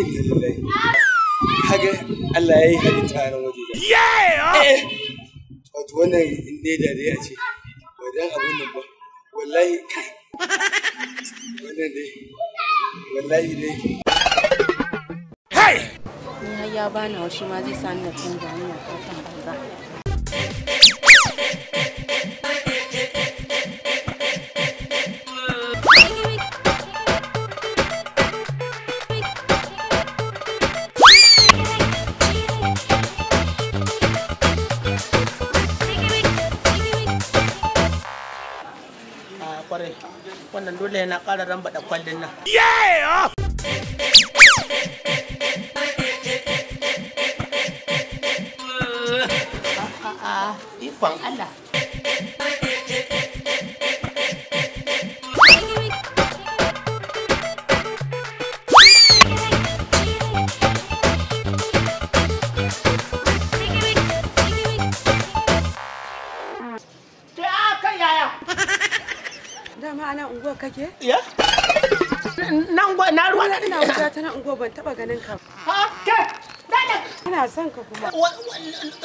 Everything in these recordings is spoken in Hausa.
inna Allah ya yi halitta a waje eh wato wannan ne da dai a ce ba dan abun nan ba wallahi kai wannan dai wallahi dai hey ya ya bana wa shi ma zai sani da canza hanya ko kan banza a kwarai wannan dole yana ƙara rambaɗa kwallon nan ikon Allah Dama ana unguwar kake? Ya? Na na ruwa na ina wuta ta na ban taba ganin ka. Ha? Ke? son ka kuma.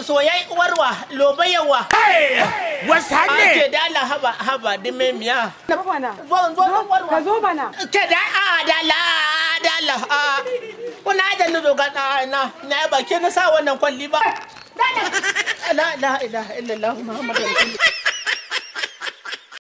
Soyayi warwa, lobayawa. Kai! Wasu hanne? Ake da Allah haba haba dimemiya. Na Zo zo Ka zo bana. Ke da a da la da la a. Kuna da nudo ga na na baki na sa wannan kwalli ba. Dana. La ilaha illallah Muhammadu Rasulullah.